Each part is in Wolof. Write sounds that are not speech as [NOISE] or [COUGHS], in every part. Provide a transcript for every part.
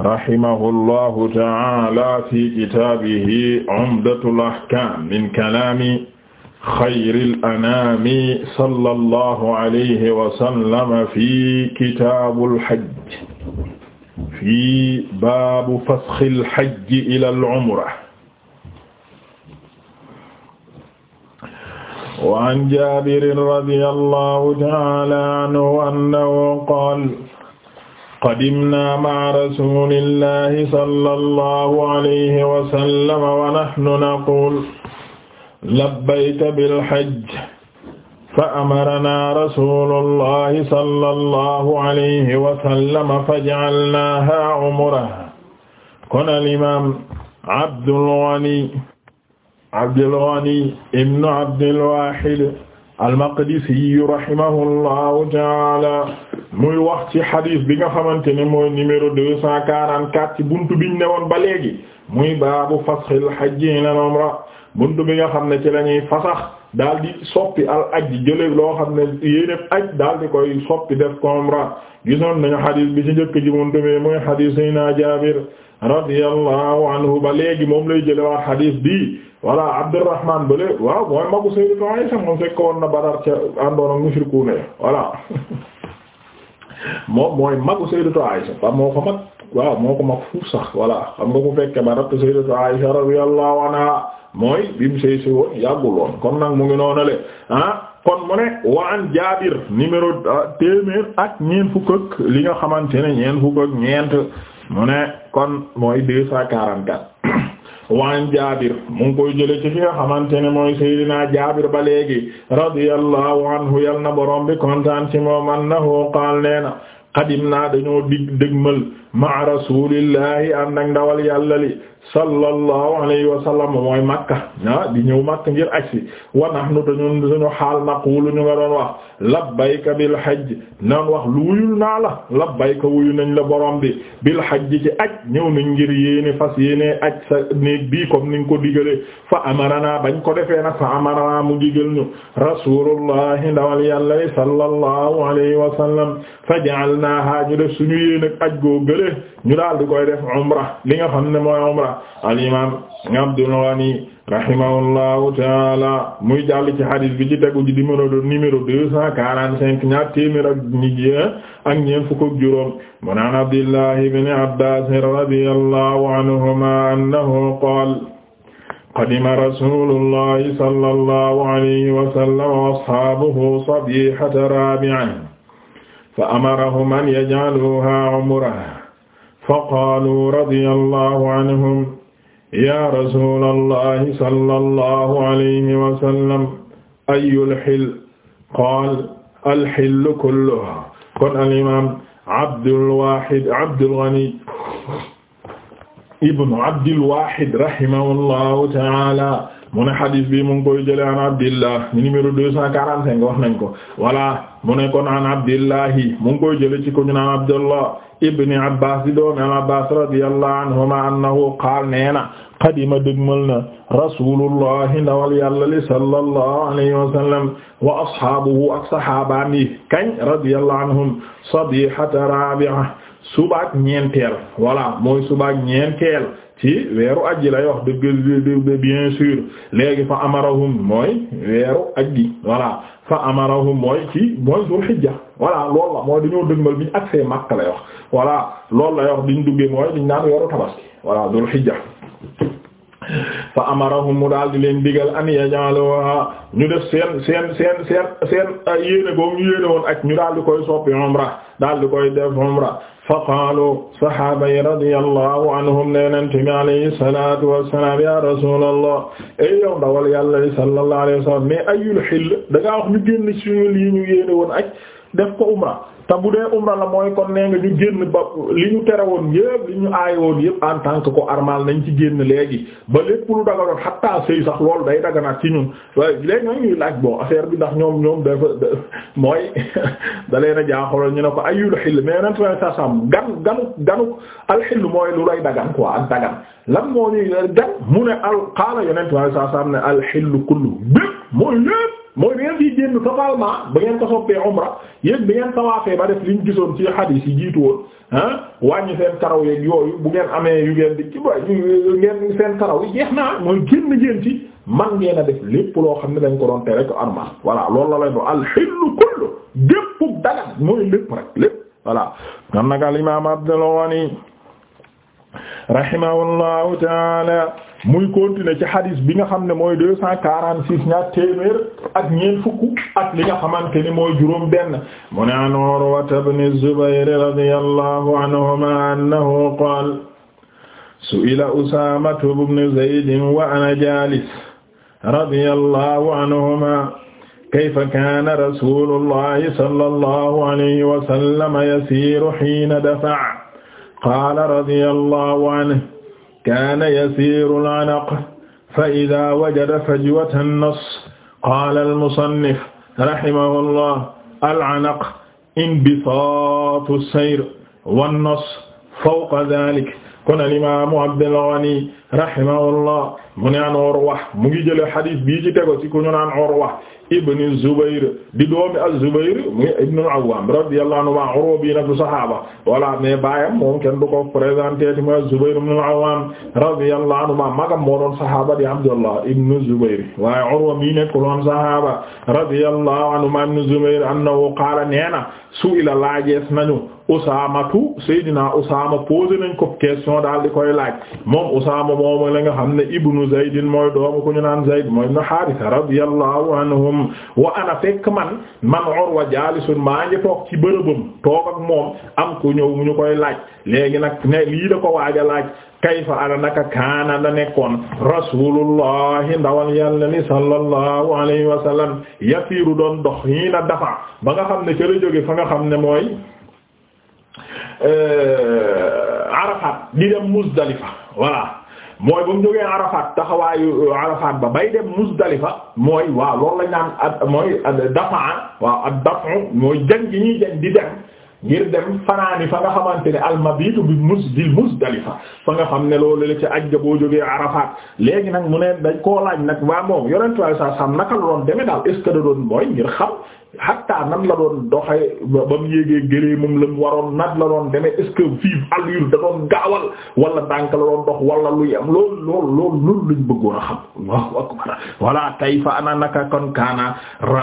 rahimahullahu ta'ala fi kitaabihi Umdatul Ahkaam min kalaami xayril anaami sallallahu alayhi wa sallam fi kitaabul hajj fi baabu fasxil hajji ilal umra. wa an Jaabirin radiyallahu ta'ala anhu annahu qaala qadimnaa ma'a rasuulillahi sallallahu alayhi wa sallam wa nahnu naquulu labbayka bil hajj fa amaranaa rasuulullahi sallallahu alayhi wa sallam faja'alnaahaa umratan kon al-imaam Abdul Ghani Abdul Ghani ibnu Abdil Waahid al-Maqdissî rahimahullahu taala muy wax ci hadith bi nga xamante ne mooy numéro deux cent quarante-quatre ci buntu biñ ne woon ba léegi muy baabu fasxil hajji ila umra buntu bi nga xam ne ci lañuy fasax daal di soppi al aj jële loo xam ne yéene aj daal di koy soppi def ko umra gisoon nañu xadis bi ci njëkk ji moom tamit mooy xadis sayna Jaabir radiyallahu anhu ba léegi moom lay jële waa xadis bi voilà Abdurrahman bale waaw mooy magu Sayyidatu Aisha moom fekk woon na Badar ca àndoon ak mushrikuuna voilà [LAUGHS] moom mooy magu Sayyidatu Aisha ba moo ko mag waaw moo ko mag fuuf sax voilà xam nga ko fekke ba rat Sayyidatu Aisha radiyallahu anha mooy bi mu sëy si woon yàggul woon kon nag mu ngi noonu le ah kon mu ne waan jaabir numéro ah, téeméer ak ñeent fukk ak li nga xamante ne ñeent fukk ak ñeent mu ne kon mooy deux cent quarante-quatre [COUGHS] waan jaabir mu koy jële ci fi nga xamante ne mooy seydina jaabir ba léegi radiyallahu anhu yal na borom bi kontaan ci moom annahu qaal nee na qadimna dañoo dig dégmal ma rasulillahi ànd ak ndawal yàlla sallallahu alayhi wa sallam mooy makka ah di ñëw makka ngir agsi wa nahnu te ñun suñu xaal naqulu ñu nga doon wax labbayka bil hajj naan wax lu wuyul naa la labbayka wuyu nañ la borom bi bil hajj ci aj ñëw nañ ngir yéene fas yéene aj sa néeg bii comme niñ ko digalee fa amarana bañ ko defee nag fa amarana mu digal ñu rasulullahi ndawal yàlla sallallahu alayhi wa sallam fa ja'alnaha ñu def suñu yéene aj goo gële ñu daal di koy def umra li nga Sharia al imam Abdul Ghani rahimahullahu taala muy jàll ci hadith bi ci tegu ji numéro numéro deux cent quarante cinq ñaar téeméer ak ñi ak ñeent fukk ak juróom mu naan Abdullah ibn Abbas radiyallahu anhuma annahu qaala qadima rasulullahi sallallahu alayhi wa sallam wa ashaabuhu sabihata rabi'an fa amarahum an yaj'aluha umratan faqaaluu radiyallahu anhum yaa rasuulallahi sallallahu alayhi wa sallam ayyul hil qaala al-hillu kulluhu kon al-imaam Abdul Waahid Abdul Ghani ibnu Abdil Waahid rahimahullahu ta'aala mu ne xadis bi mu ngi koy jële an abdillah numéro deux cent quarante cinq wax nañ ko voilà mu ne kon an abdillahi mu ngi koy jële ci ko ñu naan abdullah ibni abbas di doomi al abbas radiyallahu anhuma annahu qaal nee na qadima dëgmal na rasulullahi ndawal yàlla li sallallahu alayhi wa sallam wa ashaabuhu ak sahaabaan yi kañ radiyallahu anhum sadihata rabi'a subaak ñeenteel voilà mooy subaak ñeenteel ci weeru aji lay wax dëgg bien sûr léegi fa amarahum mooy weeru aji voilà fa amarahum mooy ci mooy zul hijja voilà loolu la mooy dañoo dëgmal biñu agsee Makka lay wax voilà loolu lay wax diñ duggee mooy diñ naan weeru tabaski voilà zul hijja fa amarahum mu daal di leen digal an ñu def seen seen seen seen seen yéene goom ñu yéene woon ak ñu daal di koy soppi umra daal di koy def umra fa qaalu sahaaba yi radiyallahu anhum ne nent bi ya rasulallah ay yow ndawal yàlla li sallallahu alayhi wasallam mais ayul xill da ngaa wax def ko umra te bu dee umra la mooy kon nee nga ñu génn ba li ñu tere woon yëpp li ñu aay woon yëpp en tant que ko armal nañ ci génn léegi ba lépp lu daganoon xatta sëy sax loolu day daganaat ci ñun waaye léegi nag laaj bon affaire bi ndax ñoom ñoom dafa mooy [LAUGHS] da leen a ñu ne ko ayul xill mais ren sa sam gan ganu ganu alxill mooy lu lay dagan quoi ak dagan lan moo ñuy gan mu ne al xaala yonent waaye saa saa am ne alxillu kullu bépp mooy lépp mooy bi ngeen ciy génn totalement ba ngeen ko soppee umra yéen bi ngeen tawaafee ba def li ñu gisoon ci hadith yi jiitu woon ah wàññi seen yeeg yooyu bu ngeen amee yu ci ba ngeen seen karaw yi jeex naa mooy génn ngeen ci man ngeen a def lépp loo xam ne dañ ko doon tere rek armal voilà loolu la lay doon alxillu kullu gépp dagan mooy lépp rek lépp voilà. kon nag al imaam Abdul Ghani rahimahullahu ta'ala muy continuer ci hadis bi nga xam ne mooy deux cent quarante six ñaar téeméer ak ñeent fukk ak li nga xamante ni mooy juróom benn mu ne an Urwata ibn Zubayr radiyallahu anhuma annahu qaala su'ila Usaamatu ibn Zaydin wa ana jaalis radiyallahu anhuma kayfa kaana rasuulullahi sallallahu alayhi wa sallam yasiiru hiina dafa'a qaala radiyallahu anhu kaana yasiiru al-anaq fa idaa wajada fajwata an-nass qaala al-musannif rahimahullah al-anaq inbisaatu as-sayr wan-nass fawqa daalik kon alimaamu Abdul Ghani rahimahullah mu ne an Urwa mu ngi jëlee xadis bii ci tego ci ku ñu naan Urwa ibn Zubayr di doomi az-Zubayr mu ibn al-Awwam radiyallahu anhu wa Urwa bi nag du saxaaba voilà mais baayam moom kenn du ko présenté ti ma az-Zubayr ibn al-Awwam radiyallahu anhu ma magam moo doon saxaaba di Abdullah ibn Zubayr waaye Urwa mi nekk loon saxaaba radiyallahu anhu ma ibn Zubayr annahu qaala neena su ila laajees nañu Usaamatu Seydina Usaama posé nañ ko question daal di koy laaj moom Usaama moom la nga xam ne ibnu Zayd mooy doomu ko ñu naan Zayd mooy ibnu Haarisa radiyallahu anhum wa ana fekk man man Urwa jaalisun maa ngi toog ci bërëbam toog ak moom am ku ñëw mu ñu koy laaj léegi nag ne lii da ko waaja laaj kayfa ana naka kaana la nekkoon rasulullahi ndawal yàlla ni sallallahu alayhi wa sallam yafiiru doon dox yi dafa ba nga xam ne ca la fa nga xam ne mooy Euh, Arafat di dem Muzdalifa voilà mooy ba mu jógee Arafat taxawaayu euh, Arafat ba bay dem Muzdalifa mooy waaw loolu la naan at mooy dafa waaw ak dafa mooy jën gi ñuy jën di dem ngir dem fanaani fa nga xamante ne almabitu bi mus bi Muzdalifa fa nga xam ne loolu la ci ajja boo jógee Arafat léegi nag mu ne dañ koo laaj nag waa moom yonentuwaay sa sam naka la doon demee daal est ce mooy ngir xam xatta nan la doon doxee ba mu yéegee gëlee moom la mu waroon nan la doon demee est-ce que vive allure da doon gaawal wala ndànk la doon dox wala lu yem lool lool lool loolu lañ bëggoon a xam Allahu akbar wala kayfa ana naka kon kaana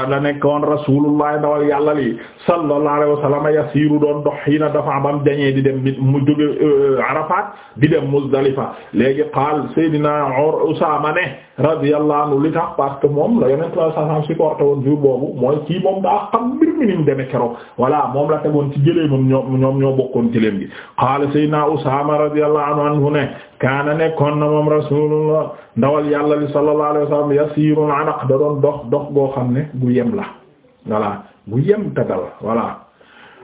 la nekkoon rasulullah ndawal yàlla li sallallahu alayhi wa sallam yasiru doon dox yi na dafa bam jañee di dem mu jóge euh, Arafat di dem Muzdalifa léegi qaal Seydina Usaama ne radiyallahu anhu li tax parce que moom la yeneen trois cent supporté woon jour boobu mooy kii moom moom daa xam mbir mi niñ deme keroog voilà moom la tegoon ci gëléemam ñoom ñoom ñoo bokkoon ci leen gi qaala sayyidina Usaama radiyallahu anhu ne kaana nekkoon na moom rasulullah ndawal yàlla li sallallahu alayhi wasallam yasiirun anaq da doon dox dox goo xam ne gu yem la voilà gu yem tadal voilà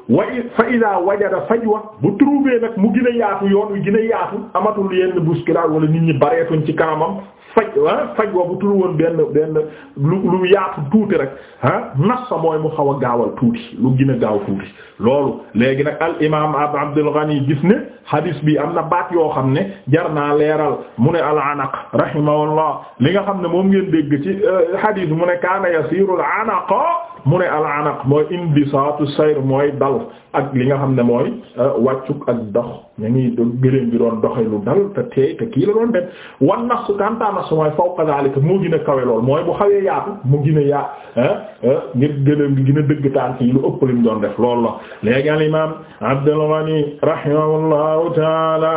wa fa ida faj fajwa bu trouvé nag mu gën a yaatu yoon wi gën a yaatu amatul yenn bousculade wala nit ñi bareetuñ ci kanamam faj ah fajwa bu turu woon benn benn lu lu yaatu tuuti rek ah nassa mooy mu xaw a gaawal tuuti lu gën gaaw tuuti loolu léegi nag al imaam ab Abdul Ghani gis ne hadis bi am na baat yoo xam ne jar naa leeral mu ne al anaq rahimahullah li nga xam ne moom ngeen dégg ci euh, hadis mu ne kaana yasiirul anaqa mu ne al anaq mooy indisaatu sayr mooy dal ak li nga xam ne mooy euh, wàccuk ak dox ñu ngi gëléem bi doon doxe lu dal te teey te kii la doon def wan nax su kantaana su mooy fawqa zalika moo gën a kawe lool mooy bu xawee yaatu mu gën a yaa euh, ngir gëléem gi gën a dëgg taan ci lu ëpp li mu doon def loolu la léegi al imaam Abdul Ghani rahimahullahu taala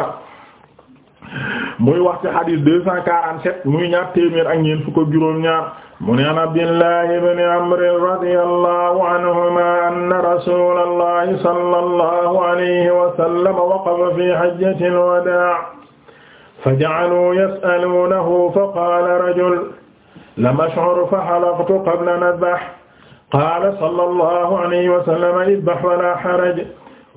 muy wax ci hadith deux cent quarante-sept muy ñaar téeméer ak ñeent fukk ak juróom ñaar mu ne an abdillahi bni amrin radia allahu anhuma anna rasula allahi sala allahu alayhi wasallama waqafa fi hajjati alwadaa fajacaluu yas'aluunahu faqaala rajul lam ash'ur fahalaqtu qabla an adbax qaala sala allahu alayhi wasallama idbax wala xaraj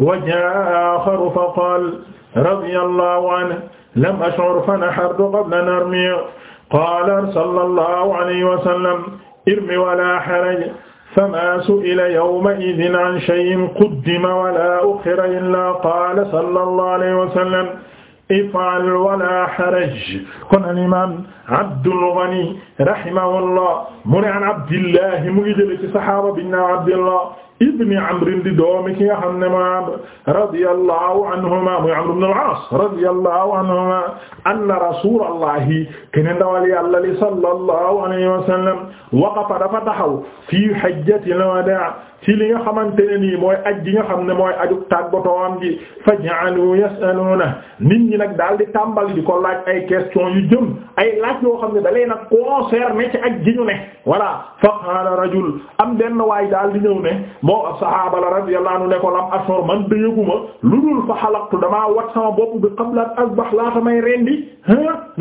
wa jaa'a axaru faqaala radiya allahu anhu lam ash'ur fanaxartu qabla an armiya qaala sallallahu alayhi wa sallam irmi wala haraj fama su'ila yawma'idhin an shay'in quddima wala ukhira illa qaala sallallahu alayhi wa sallam if'al wala haraj kon al-imaam Abdul Ghani rahimahullah mu ne an Abdillah mu ngi jële ci saxaaba bi ñu naan Abdillah ibni amrin di doomi ki nga xam ne ma radiyallahu anhuma muy amr ibn al-aas radiyallahu anhuma anna rasulallahi kene ndawal yàlla li sallallahu alayhi wa sallam waqafa dafa taxaw fii hajjatil wadaa ci li nga xamante ne nii mooy aj gi nga xam ne mooy aju tàggatoowam gi fa ja'alu yas'aluna nit ñi nag daal di tàmbali di ko laaj ay question yu jëm ay laaj yoo xam ne da leen a concerné ci aj gi fa qaala rajul am benn waay daal di ñëw ne moo sahaaba la radiyallahu anhu ne ko lam ashur man dëyëguma lu dul fa xalaqtu damaa wat sama bopp bi qabla asbax laata may rendi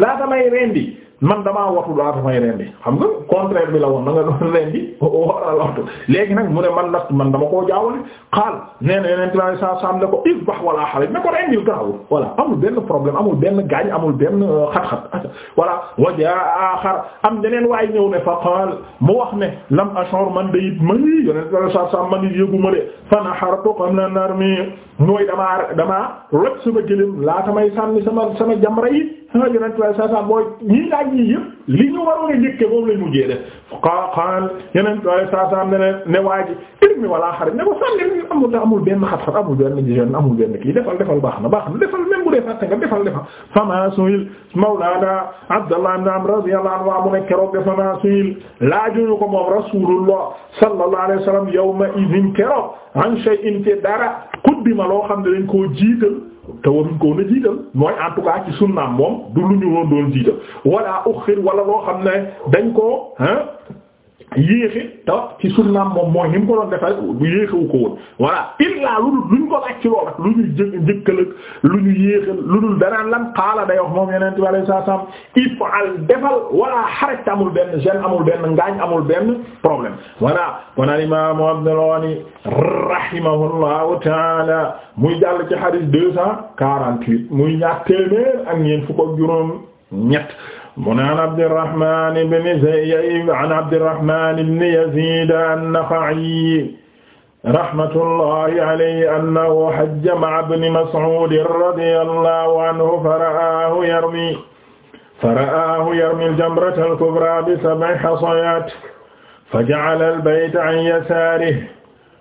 laata may rendi man damaa watu laata may rendi xam nga contraire bi la woon da nga doon rendi wara waxtu léegi nag mu ne man nag man dama koo jaawale xaal nee na yeneen tubaab yi la saa am ne ko isbah wala xaraj ne ko rendil garaawul voilà amul benn problème amul benn gaañ amul benn euh, xat-xat [LAUGHS] voilà waja axar am deneen waay ñëw ne fa qaal mu wax ne lam ashor man dayit ma yeneen tubaab yi saa saa ma de fa nahartu qabla narmi mooy damaa damaa rëcc sama gëléem laata may sànni sama sama jamra yi sa yonent waaye sa sa mooy ñii laaj yi yëpp li ñu waroon a njëkke moom lañ mujjee def xa xaan yonent waaye sa sa ne ne waa ji irmi wala xarit ne ko sànni amul amul benn xat-xat amul benn jigéen amul benn kii defal defal baax na baax na defal même bu dee fàtte nga defal defal fama suil mawlana Abdallah ibn Amr radiyallahu anhu mu ne keroog de fama suil laajuñu ko moom rasulullah sallallahu alayhi wasallam yawma idin keroog an shay'in dara kuddima loo xam ne dañ koo jiital te waruñ ko woon a jiital mooy en tout cas ci sunnaam moom du lu ñu woon doon jiital wala uxir wala loo xam ne dañ ko ah yéexe taw ci sunnaam moom moo ni mu ko doon defal bu yéexewu ko woon voilà lu dul lu ñu jë njëkkal ak lu ñu yéexal lu dul danaan lan xaala day moom yeneen tubaab yi saa saam ifal defal wala xaraj amul benn gêne amul benn ngaañ amul benn problème. voilà kon al imaamu Abdul Ghani rahimahullahu taala muy jàll ci hadith deux cent quarante muy ñaar téeméer ak ñeent fukk ak juróom ñett. mu ne an Abdirahman ibn Zayd an Abdirahman ibn Yazid an-Nakha'i rahmatullahi alayhi annahu hajja ma'a ibn Mas'ud radiyallahu anhu fara'ahu yarmi fara'ahu yarmi al-jamrata al-kubra bi sab'i hasayat faja'ala al-bayta an yasarihi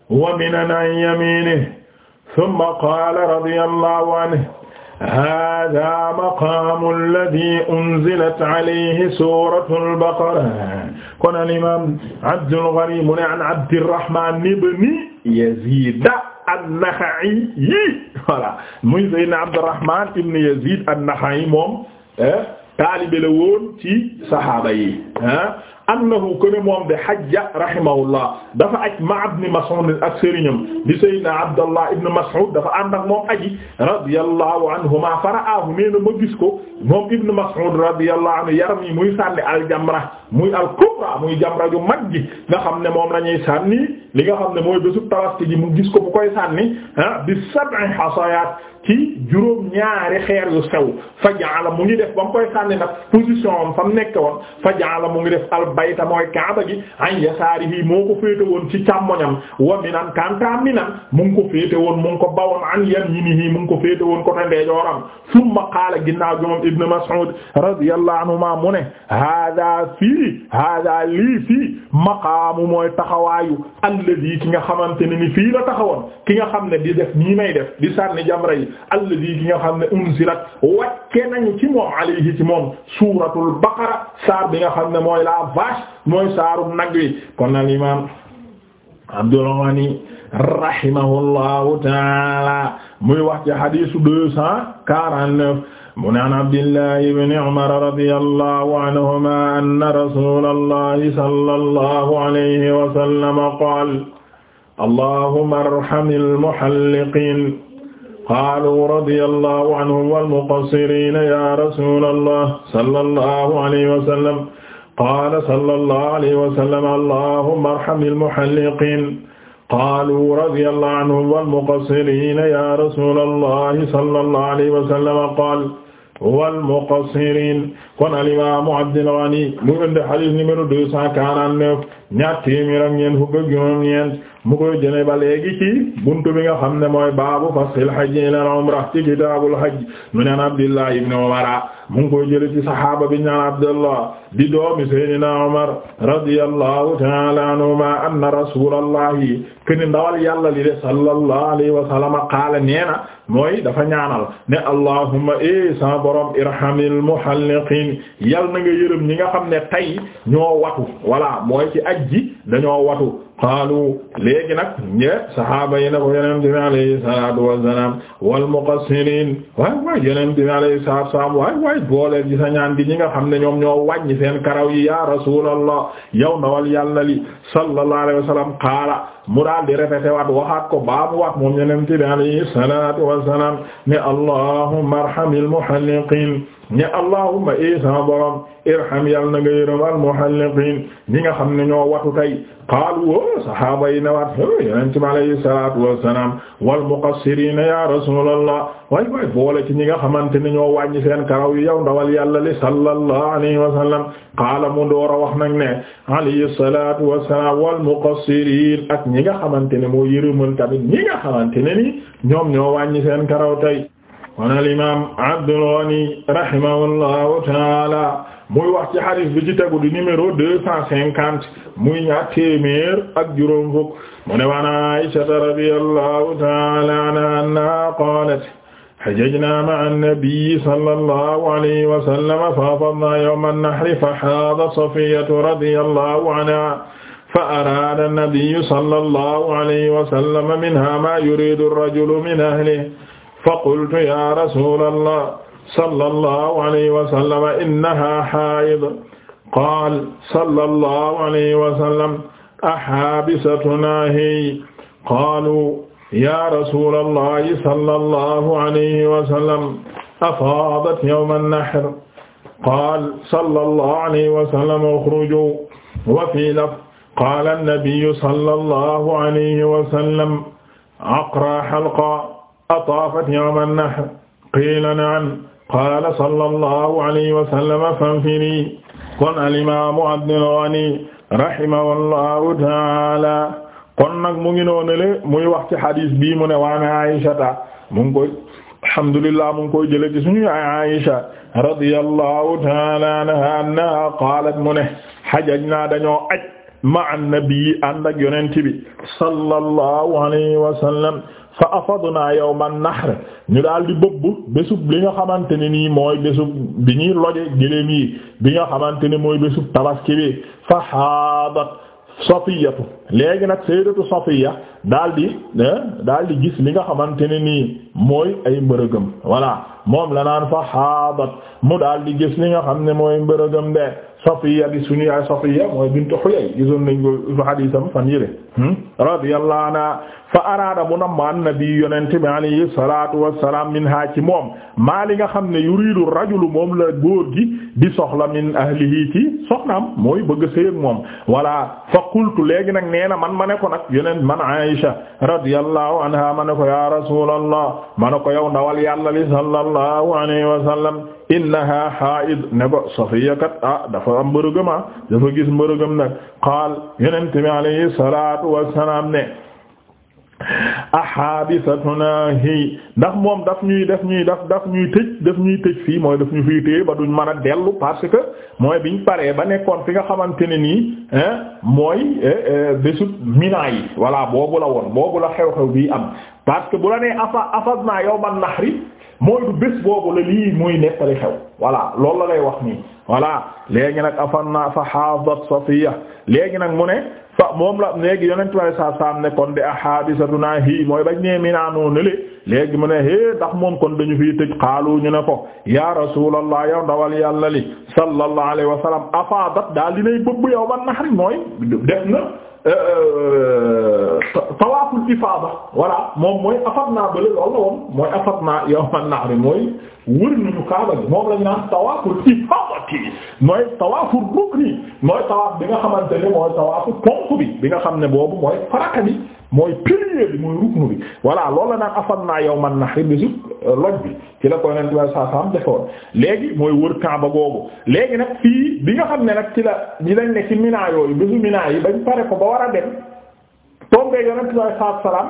wa minan an yaminihi thumma qala radiyallahu anhu haaza maqaamu allazii unzilat alayhi suuratul baqara kon al-imaam Abdul Ghaniyy mu ne an Abdirrahmaan ibn Yaziid an-Naxa'i voilà muy Seydina Abdirrahmaan ibn Yaziid an-Naxa'i moom eh, taalibe la woon ci saxaaba yi eh. annahu kaana moom de hajja rahimahullah dafa aj ma ibn Mas'ud ak sëriñam di sayyidina Abdallah ibn Mas'ud dafa ànd ak moom aji radiyallahu anhuma faraahu nee na ma gis ko moom ibn Mas'ud radiyallahu anhu yaram yi muy sànni aljamra muy al kubra muy jamra ju mag ji nga xam ne moom la ñuy sànni li nga xam ne mooy bésu tabaski ji mu gis ko bu koy sànni ah bi sab'i hasayaat ci juróom ñaari xeer yu sew fa jaala mu ngi def ba mu koy sànni nag position am mu nekk woon fa jaala mu ngi def al bayta mooy kaaba gi an yasaarihi moo ko féete woon ci càmmoñam wa minan kanta minan mu ngi ko féete woon mu ngi ko bawoon an yaminihi mu ngi ko féete woon côté ndeyjooram summa qaala ginnaaw gi moom Ibn Mas'ud radiyallahu anhuma mu ne hada fi fii hada lii fii maqaamu mooy taxawaayu alladi ki nga xamante ne ni fii la taxawoon ki nga xam ne di def nii may def di sànni jamra yi alladi ki nga xam ne unzilat wàcce nañu ci moom alayhi ci moom suuratul baqara saar bi nga xam ne mooy la vache mooy saaru nag wi kon al imaam Abdul Ghani rahimahullahu taala muy wax ci hadiisu deux cent quarante-neuf mu ne an abdillahi ibni umar radiyallahu anhuma anna rasulallahi sallallahu alayhi wa sallam qaala allahumma arhamil muhalliqiin qaaluu radiyallahu anhum wal muqassiriina yaa rasulallah sallallahu alayhi wa sallam qaala sallallahu alayhi wa sallam allahumma arhamil muhalliqiin qaaluu radiyallahu anhum wal muqassiriina yaa rasulallah sallallahu alayhi wa sallam qaala wal muqassiriin kon al imaamu Abdul Ghani mu indi hadith numéro deux cent quarante neuf ñaar téeméer ak ñeent fukk ak juróom mu koy jëlee ba ci buntu bi nga xam ne mooy baabu fasil hajj ila umra ci kitaabul hajj mu naan Abdullah ibn Umar mu ngi koy jëlee ci saxaaba bi ñaan Abdullah di doomi Seydina Umar radiyallahu ta'ala anhuma anna rasulallahi kene ndawal yàlla li de sallallahu alayhi wa sallam qaala neena mooy dafa ñaanal ne allahumma e eh, sa borom irhamil rahimin yal na nga yërëm ñi nga xam ne tey ñoo watu voilà mooy ci aj ji dañoo watu qaalu léegi nag ñe sahaaba yi na ko yonente bi alayhi salatu wassalam wal muqassirin waay waay yonente bi alayhi salatu wassalam waay waay booleel gi sa ñaan gi ñi nga xam ne ñoom ñoo wàññi seen karaw yi ya rasulallah yow ndawal yàlla li sallallahu alayhi wasallam qaala mu daal di répété waat waxaat ko baamu waat moom yonente bi alayhi salatu wassalam ne allahumma arhamil muhalliqin ne allahumma isa borom irham yàlla na nga yërëm al muhalliqin ñi nga xam ne ñoo watu tay qaalu sahaaba yi newaat yonente bi alayhi salatu wassalam wal muqassirina ya rasulallah waay waay boole ci ñi nga xamante ni ñoo wàññi seen karaw yi yow ndawal yàlla li sallallahu alayhi wa sallam qaala mu door a wax nag ne alayhi salatu wassalam wal muqassirin ak ñi nga xamante ne moo yërëmal tamit ñi nga xamante ne ni ñoom ñoo wàññi seen karaw tey kon al imam Abdul Ghani rahimahullahu taala muy wax ci hadith bi ci tegu di numéro deux cent cinquante muy ñaar téeméer ak juróom fukk mu ne waan Aisha radiyallahu ta'ala anha qalat hajajna ma'a an-nabi sallallahu alayhi wa sallam fa hafadna yawm an-nahri fa haada Safiyyatu radiyallahu anha فأراد النبي صلى الله عليه وسلم منها ما يريد الرجل من أهله فقلت يا رسول الله sallallahu alayhi wa sallam innaha haa'id qaala sallallahu alayhi wa sallam ahaabisatuna hiy qaaluu yaa rasuulallahi sallallahu alayhi wa sallam afaadat yawma an-nahr qaala sallallahu alayhi wa sallam ukhrujuu wa fii lafdin qaala an-nabiyyu sallallahu alayhi wa sallam aqraa halqan ataafat yawma an-nahr qiila na'am qaala sallallahu alayhi wa sallam fanfiri kon alimaamu Abdul Ghani rahimahullahu taala kon nag mu ngi noonale muy wax ci xadiis bii mu ne waane Aysata mu ngi koy alhamdulillah mu ngi koy jële ci suñu Aysa radiyallahu taala anha annaha qaalat mu ne hajajnaa dañoo aj ma annabi ànd ak yonent bi sallallahu alayhi wa sallam fa afadna yawman nahr ñu daal di bëbb bésub li nga xamante ne nii mooy bésub bi ñuy loje gëléem yi bi nga xamante ne mooy bésub tabaski bi fa haadat safiyatu léegi nag sayyidatu safiya daal di eh, daal di gis li nga xamante ne nii mooy ay mbërëgëm voilà moom la naan fa xaabat mu daal di gis li nga xam ne mooy mbërëgam de Safiya bi suñu yaay Safiya mooy bintu Huyay gisoon nañ ko hadiisam fan yële hmm? radiyallahu anha fa araada mu ma annabi yonente bi alayhi salatu wassalam moom maa li nga xam ne yuridu rajulu moom la gi di soxla min ahlihi ci mooy bëgg sëy moom wala fa qultu léegi nag nee na man ma ne ko nag yonent man Aisha radiyallahu anha ma ne ko ya rasulallah ma ne ko yow ndawal yàlla li sallallahu sallallahu alayhi wa sallam innaha haid ne ko Safiya kat ah dafa am mbërëgëm ah dafa gis mbërëgëm nag qaal yonent bi alayhi salatu wassalam ne ahadisatuna hi ndax moom daf ñuy def ñuy daf daf ñuy tëj daf ñuy tëj fii mooy daf ñu fii téye ba duñ mën a dellu parce que mooy biñ paree ba nekkoon fi nga xamante ne nii mooy eh, eh, bésut mina yi voilà boobu la woon boobu la xew-xew bii am parce que bu la nee afa afad naa yow man naxri mooy du bés boobu la lii muy nettali xew voilà loolu la lay wax nii voilà léegi nag afan na fa haadat Safiya léegi nag mu ne fa moom la léegi yonent way sa saam ne kon de a naa hi mooy bañ nee mi naanoo nele léegi mu ne é ndax moom kon dañu fii tëj xaalu ñu ne ko ya rasulallah yow ndawal yàlla li sallallahu alayhi wa sallam afaadat daal dinay bëbb yow ban naxari mooy def na Euh, euh, euh, tawaaful ifaada voilà moom mooy afatna bële loolu mooy afatna yawman nahr mooy wër nañu kaaba gi moom lañ naan tawaaful mooy tawaaful rukni mooy tawaaf bi nga xamante ne mooy tawaafu ponk bi bi nga xam ne boobu mooy faraka mooy pilier bi mooy ruknu bi voilà loolu naan afam naa yow man naxir bisu euh, loj bi ci la koy neen tubaab saa saa am defoon léegi mooy wër Kaaba googu léegi nag fii bi nga xam ne nag ci la ñi lañ ne ci minaa yooyu bisu minaa yi bañ pare ko ba war a dem tombé yonent bi alayhi salaatu salaam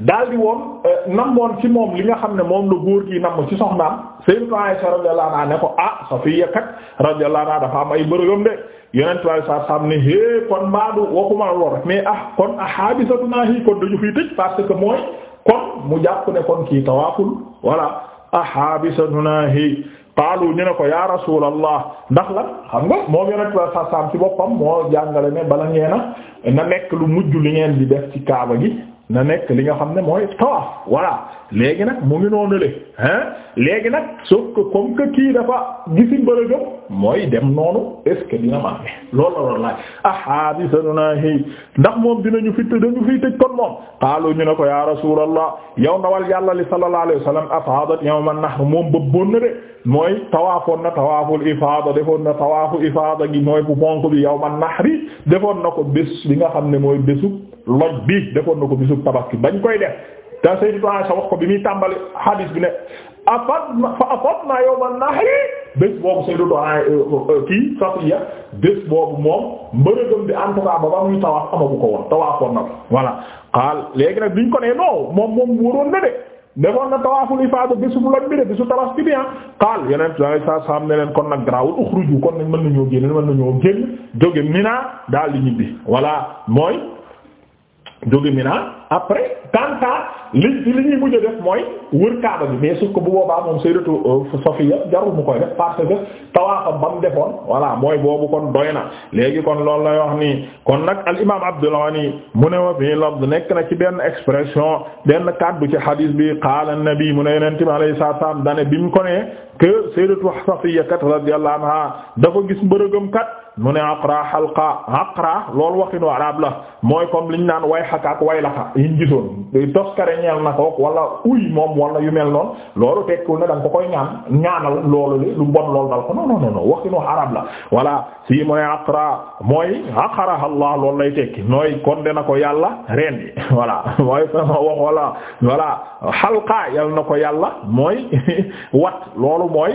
daal di woon euh, namoon ci moom li nga xam ne moom la góor gi nam ci soxnaam Sayyidatu Aisha radiyallahu anha ne ko ah Safiyya kat radiyallahu am ay bërëgam de yeneen waaye saa saam ne hee kon maa du waxuma lool rek mais ah kon ah xaabisatu naa hi kon dañu fiy tëj parce que mooy kon mu jàpp ne kon kii tawaaful voilà ah xaabisatu naa hi qaalu ñu ne ko ya rasulallah ndax la xam nga moom yonent waaye saa saam ci boppam moo jàngale ne bala ngeen a na nekk lu mujj li ngeen di def ci kaaba gi. na nekk li nga xam ne mooy tawaaf voilà léegi nag mu ngi noonu le hein léegi nag sauf que comme kii dafa gisi bala mooy dem noonu est-ce que dina maa ne loolu la doon laaj aha bi sanunaa hi ndax moom dinañu fi dañu fiy tëj kon moom xaalu ñu ne ko ya rasulallah yow ndawal yàlla li sallallahu alayhi wasallam afaadat yawman nahr moom bëbboon na de mooy tawaafoon na tawaaful ifaada defoon na tawaafu ifaada gi mooy bu ponk bi yawman nahri defoon na ko bés li nga xam ne mooy bésu loj bii defoon na ko bisu tabaski bañ koy def te Sayyidatu Aisha wax ko bi muy tàmbali hadis bi ne afadna fa afadna yawman nahr bés boobu Sayyidatu Aisha euh, euh, euh, kii Safiya bés boobu moom mbërëgëm bi en tout cas ba ba muy tawaaf amagu ko woon tawaafoon na ko voilà xaal léegi nag biñ ko nee non moom moom wóoroon na de defoon na tawaaful ifaada bésu loj bi de bésu tabaski bi ah xaal yeneen sa sam ne leen kon nag grawul uxruju kon nañ mën nañoo génn mën nañoo génn jóge Mina daal di ñibbi voilà mooy jóge Mina après tanta li li ñuy mujj def mooy wër kaaba bi mais suuf ko bu boobaa moom sayyidatu euh, Safiya jarul mu koy def parce que tawaafam ba mu defoon voilà mooy boobu kon doy na léegi kon loolu lay wax nii kon nag al imaam Abdul Ghani mu ne wa fii lafz nekk na ci benn expression benn kàddu ci hadith bi qaala an-nabi mu ne yonent bi alayhi salaam dane bi mu ko ne que sayyidatu Safiya kat radiyallahu anha dafa gis mbërëgëm kat mu ne aqra halqa aqra lool waxinu arab la mooy comme liñ naan way xaka ak way laxa yiñ gisoon toskare ñeel na ko wala uy moom wala yu mel noonu loolu tekkul na da ko koy ñaan ñaanal loolu li lu bon loolu dal ko non non non waxinu arab la voilà si mu ne aqra mooy aqaraha allah loolu ko yàlla reen bi [LAUGHS] voilà mooy sama wax yal na ko yàlla mooy [LAUGHS] wat loolu mooy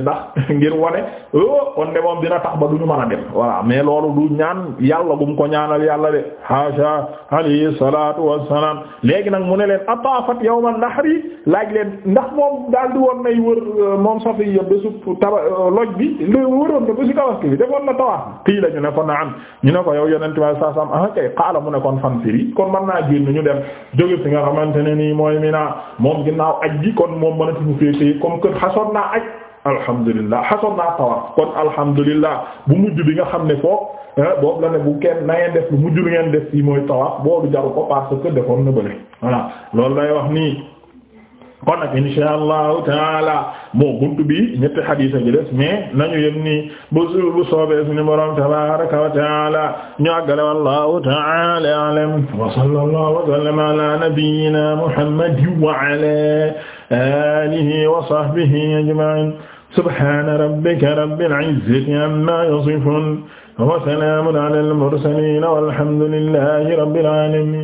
[LAUGHS] ndax ngir wone oh, kon de moom dina tax tax ba duñu mën a dem voilà mais loolu du ñaan yàlla gum ko ñaanal yàlla de haasha alayhi salatu wassalaam léegi nag mu ne leen ataafat yawma nahri laaj leen ndax moom daal di woon nay wër euh, moom Safiya bésu taba euh, loj bi lu wëroon na bésu tabaski bi defoon na tawaaf kii la ñu ne ko na'am ñu ne ko yow yonent ma saa sam ah kay xaala mu ne kon fan firi kon mën naa génn ñu dem jóge fi nga xamante ne nii mooy Mina moom ginnaaw aj bi kon moom mënatuñu féete comme que xasoon naa aj alhamdulillah xasoon naa tawaaf kon alhamdulillah bu mujj bi nga xam ne foofu eh, boobu la ne bu kenn na ngeen def lu mujj lu ngeen def yi mooy tawaaf boobu jar ko parce que defoon na bële voilà loolu lay wax nii kon nag insha allahu taala moo buntu bi ñetti xadiis a ji des mais nañu yem ni bu su bu soobee suñu borom tabaraka wa taala ñu àggale wallahu taala alam wa sallallahu wa sallama ala nabiyyina muhammadin wa ala alihi wa sahbihi ajma'in subhana rabbika rabbil izzati amma yasifun wa salamun ala al mursalin walhamdulillahi rabbil alamin